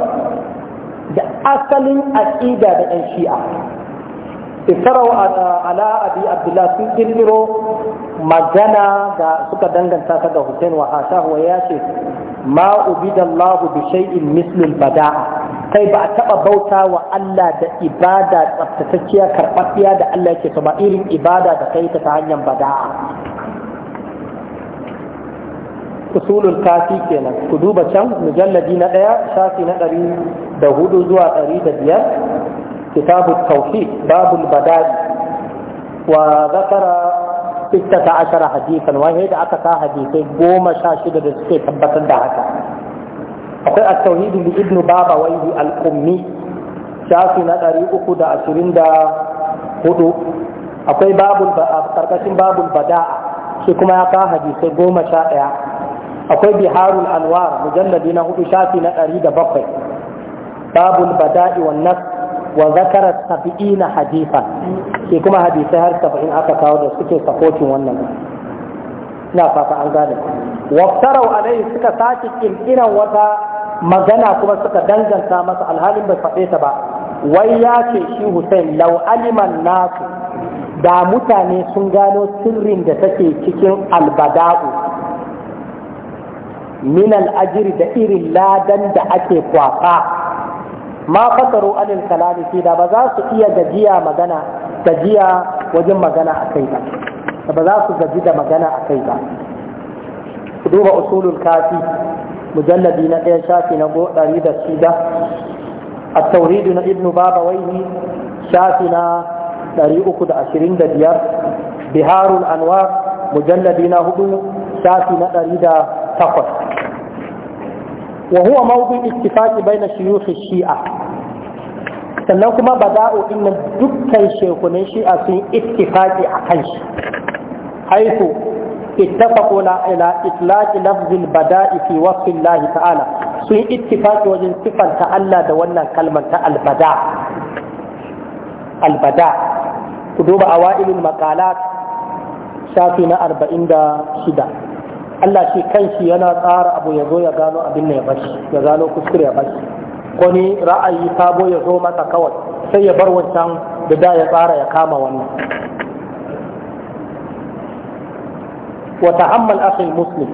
da asalin aqida da ɗan shi'a iftarau uh, ala abi abdullah sun kirkiro magana da suka danganta ta ga Hussein wa hashahu ya ce ma ubidallahu bi shay'in mislul bada'a kai ba a taba bauta wa Allah da ibada tsaftatacciya karɓaɓɓiya da Allah yake so ba irin ibada da kai ta hanyar bada'a اصول الكافي كنا كدوبة شم مجلة دينا ايا شاكي نقري دهود زوا قريبا ديا كتاب التوحيد باب البدال وذكر ستة عشر حديثا وهيد عكاكا حديثا قوم شاشد رسكي تبتا دعكا أخي التوحيد لابن بابا ويدي الأمي شاكي نقري أخد عشرين دا هدو أخي باب البدال شكما يقاها دي سيقوم شائع akwai biharul anwar mujalladi na hudu shafi na ɗari da bakwai Babu bada'i wa nas wa zakara sabi'ina hadifa ke kuma hadisai har saba'in aka kawo da suke sakotin wannan na fata an gane waftarau alai suka sake kirkiran wata magana kuma suka danganta masa alhalin bai faɗe ta ba wai ya ce shi Hussein lau aliman nasu da mutane sun gano sirrin da take cikin albada'u minal ajiri da irin ladan da ake kwafa ma fasaru anil kalami ba za su iya gajiya wajen magana a kai ba ba za su gaji da magana a kai ba duba Usulun kafi mujalladi na ɗaya shafi na ɗari da shida a na ibnu baba waihi shafi na ɗari uku da ashirin da biyar Biharun anwar mujalladi na hudu shafi na ɗari da takwas wa huwa mawdu ittifaqi baina shuyukh shi'a sannan kuma bada'u inna dukkan shekunan shi'a sun ittifaqi akan shi haitu اتفقوا إلى إطلاق لفظ البداء في وصف الله تعالى سوء اتفاق وجن صفة تألا دونا كلمة البداء البداء كتب أوائل المقالات شافنا أربعين شدة Allah ce kanshi yana tsara abu ya zo ya gano abin da ya bashi ya gano kuskure ya bashi ko ni ra'ayi sabo ya zo masa kawai sai ya bar wancan da da ya tsara ya kama wannan wa ta'ammal akhi muslim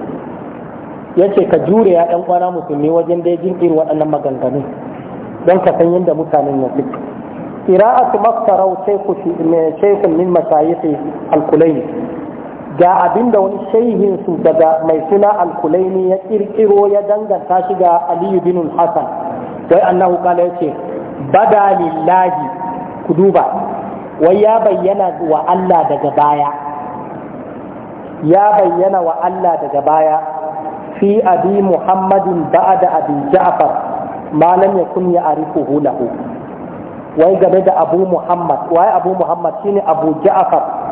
yace ka jure ya dan kwana musulmi wajen da jin irin waɗannan maganganun don ka san yadda mutanen ya suke qira'atu maftarau shaykhu min mashayikh al-kulayni ga abinda wani shaihinsu daga mai suna alkulaini ya kirkiro ya danganta shi ga aliyu bin hassan wai annahu kala ya ce bada lillahi ku duba wai ya bayyana wa Allah daga baya ya bayyana wa Allah daga baya fi abi muhammadin ba'da abi ja'far ya kun ya arifu hulahu wai game da abu muhammad wai abu muhammad shine abu ja'far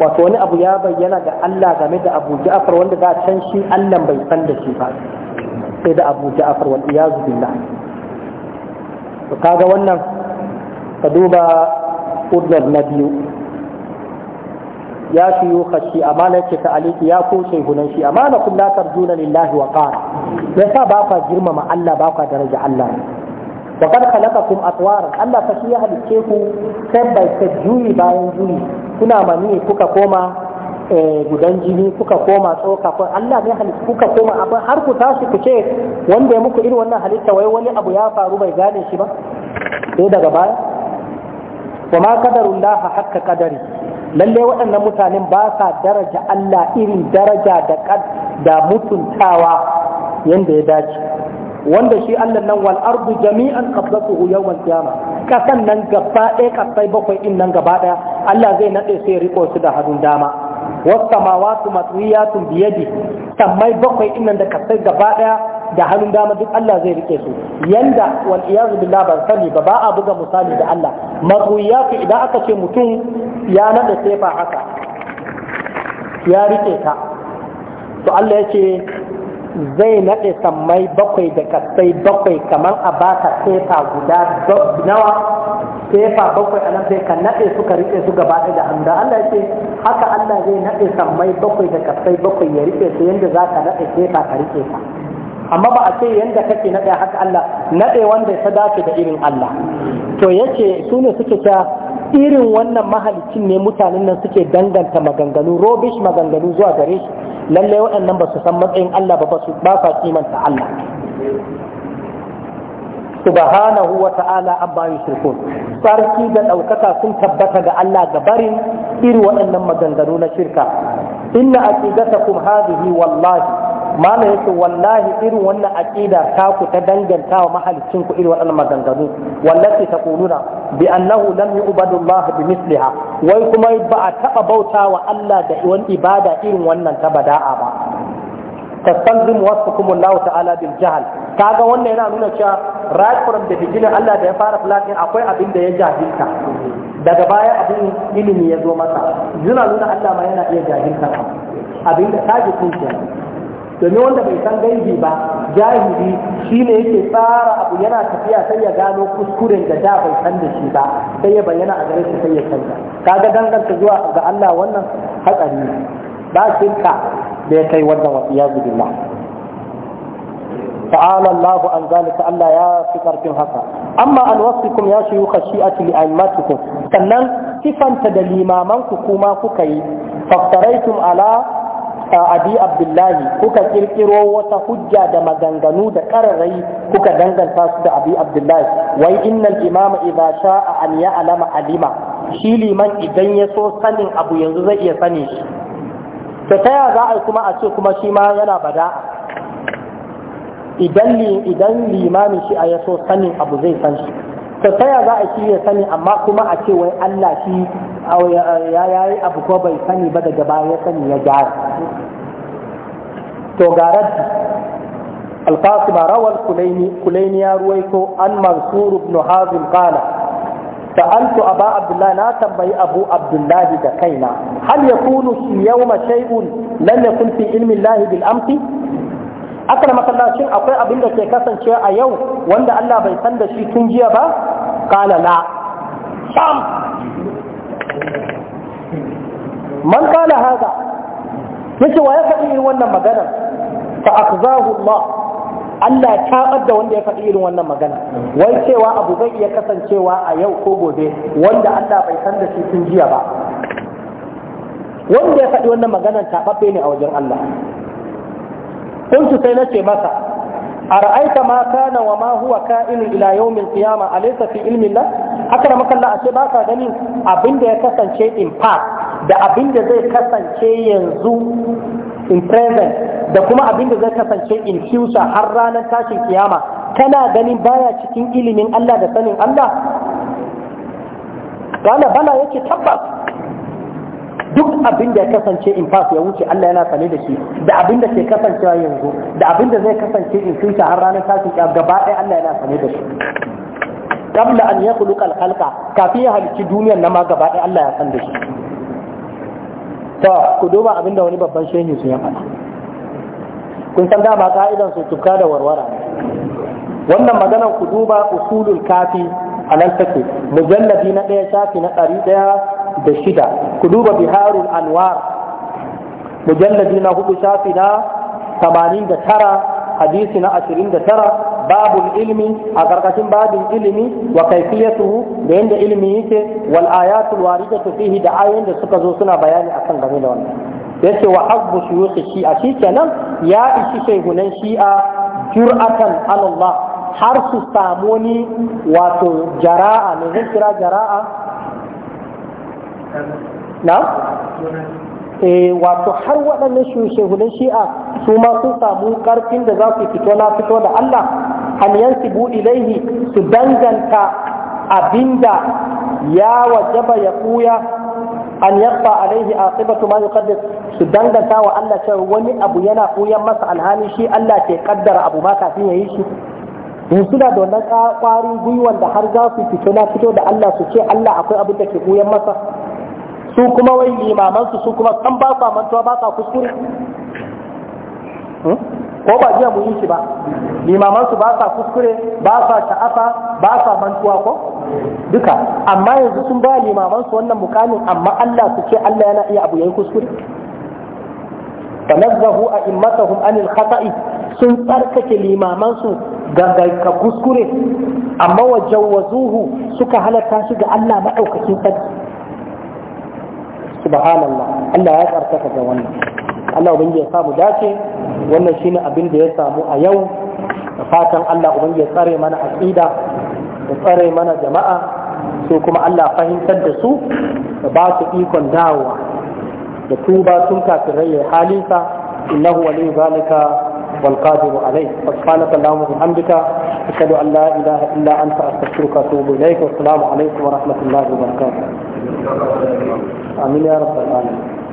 wato wani abu ya bayyana ga Allah game da Abu Ja'far wanda da can shi Allah bai san da shi ba sai da Abu Ja'far wal iyazu billah to kaga wannan ka duba na biyu ya shiyu kashi amana ce ta aliki ya ko shehunan shi amana kun juna lillahi wa qara yasa ba ka girmama Allah ba ka daraja Allah kan kad kun atwaran Allah ta shi ya halice ku step by step juyi bayan juyi kuna mani kuka koma gudan jini kuka koma tsoka ko Allah ne halitta kuka koma abin har ku tashi ku ce wanda ya muku irin wannan halitta wai wani abu ya faru bai gane shi ba sai daga baya wa ma qadarullah hakka qadari lalle waɗannan mutanen ba sa daraja Allah irin daraja da da mutuntawa yanda ya dace wanda shi Allah nan wal ardu jami'an qabdatuhu al qiyamah kasan nan gaba ɗaya kasai bakwai din nan gaba ɗaya Allah zai nade sai riko su da hannun dama was samawati matwiyatun bi yadi sammai bakwai din nan da kasai gaba ɗaya da hannun dama duk Allah zai rike su yanda wal iyaz billah ban sani ba ba a buga misali da Allah matwiyatu idan aka ce mutum ya nade sai ba haka ya rike ta to Allah ya zai naɗe sammai bakwai da kasai bakwai kamar a baka sefa guda nawa sefa bakwai a nan sai ka naɗe suka riƙe su gaba da hannu Allah ce haka Allah zai naɗe sammai bakwai da kasai bakwai ya riƙe su yadda za ka naɗe sefa ka riƙe ka amma ba a ce yadda kake naɗe haka Allah naɗe wanda ya dace da irin Allah to yace su ne suke ta irin wannan mahalicin ne mutanen nan suke danganta maganganu robish maganganu zuwa gare shi lallai waɗannan ba su san matsayin Allah ba su ba sa kimanta Allah subhanahu wa ta'ala amma yushrikun sarki da ɗaukaka sun tabbata ga Allah ga barin irin waɗannan maganganu na shirka inna aqidatakum hadhihi wallahi malam yace wallahi irin wannan aqida ta ku ta danganta wa mahalicin ku irin waɗannan maganganu wallati taquluna bi annahu lam yu'badu Allah bi misliha wai kuma ba a taba bauta wa Allah da wani ibada irin wannan ta bada'a ba tastanzim wasfukum Allah ta'ala bil jahl kaga wannan yana nuna cewa right from the beginning Allah da ya fara planning akwai abin da ya jahilta daga baya abin ilimi ya zo masa yana nuna Allah ma yana iya jahilta abin da ta ji kun domin wanda bai san gaibi ba jahili shi ne yake tsara abu yana tafiya sai ya gano kuskuren da da bai san da shi ba sai ya bayyana a gare shi sai ya canza kaga danganta zuwa ga Allah wannan hatsari ba shirka da ya kai wannan wasiya gudunma ta'ala Allah an zalika Allah ya fi karfin haka amma an wasikum ya shiyu khashi'ati li aimatikum sannan kifanta da limaman ku kuma kuka yi faftaraitum ala abi abdullahi kuka kirkiro wata hujja da maganganu da kararrai kuka danganta su da abi abdullahi wai innal imama idza sha'a an ya'lama alima shi liman idan ya so sanin abu yanzu zai iya sani shi to ta za a kuma a ce kuma shi ma yana bada'a idan idan limamin shi a ya so sanin abu zai san shi ta taya za a ci sani amma kuma a ce wai Allah shi ya yi abu ko bai sani ba daga baya ya sani ya gyara to ga raddi alfasu ba rawar kulaini ya ruwai ko an mansur ibn hazim kala ta antu aba abdullahi na tambayi abu abdullahi da kaina hal yakunu shi yau mashaibun lalle kun fi ilmin lahi bil amfi akwai masallacin akwai abin da ke kasance a yau wanda Allah bai san da shi tun jiya ba kala la sam man kala haza yace wa ya faɗi irin wannan magana fa akzahu Allah Allah ta da wanda ya faɗi irin wannan magana wai cewa abu zai iya kasancewa a yau ko gobe wanda Allah bai san da shi tun jiya ba wanda ya faɗi wannan magana taɓaɓɓe ne a wajen Allah kuntu sai nace masa ara'aita ma kana wa ma huwa ka'in ila yawmil qiyama alaysa fi ilmi la akramaka Allah ashe ba ka ganin abinda ya kasance in past da abinda zai kasance yanzu in present da kuma abinda zai kasance in future har ranar tashin kiyama kana ganin baya cikin ilimin Allah da sanin Allah Kala bala yake tabbas duk abin da ya kasance in fas ya wuce Allah yana sane da shi da abin da ke kasancewa yanzu da abin da zai kasance in fita har ranar tashin kiyama gaba ɗaya Allah yana sane da shi qabla an yakhluqa al-khalqa kafin ya halicci duniyar nan ma gaba ɗaya Allah ya san da shi to ku duba abin da wani babban shehi su ya faɗa kun san dama ka'idan su tuka da warwara wannan maganar ku duba usulul kafi a nan take mujalladi na ɗaya shafi na ɗari ɗaya da shida ku duba biharul anwar mujalladi na hudu shafi na tamanin da tara hadisi na ashirin da tara babul ilmi a karkashin babin ilimi wa kaifiyatuhu da yadda ilimi yake wal ayatul waridatu fihi da ayoyin da suka zo suna bayani akan game da wannan yace wa habbu shuyukh shi'a shi kenan ya ishi shehunan shi'a jur'atan ala Allah har su samu ni wato jara'a ne zai kira jara'a na e wato har waɗannan shehunan shi'a su ma sun samu ƙarfin da za su fito na fito da Allah an buɗi laihi su danganta abinda ya wajaba ya ƙuya an yabba alaihi aqibatu ma yuqaddas su danganta wa Allah cewa wani abu yana ƙuyan masa alhali shi Allah ke kaddara abu ma kafin ya yi shi suna da wannan ƙwarin gwiwan da har za su fito na fito da Allah su ce Allah akwai abin da ke ƙuyan masa su kuma wai limamansu su kuma san ba sa mantuwa ba sa kuskure hmm? ko ba jiya mu yi shi ba limamansu ba sa kuskure ba sa sha'afa ba sa mantuwa ko duka amma yanzu sun ba limamansu wannan mukamin amma Allah su ce Allah yana iya abu yayi kuskure tanazzahu a immatahum anil khata'i sun tsarkake limamansu ga kuskure amma wa jawwazuhu suka halatta shi ga Allah maɗaukakin sarki subhanallah Allah ya tsarkaka ga wannan Allah ubangiji ya samu dace wannan shine abin da ya samu a yau da fatan Allah ubangiji ya tsare mana aqida da tsare mana jama'a sai kuma Allah fahimtar da su da ba su ikon dawowa da tuba tun kafin rayyar halinsa innahu waliyu zalika والقادر عليه سبحانك اللهم وبحمدك أشهد أن لا إله إلا أنت أستغفرك وأتوب إليك والسلام عليكم ورحمة الله وبركاته آمين يا رب العالمين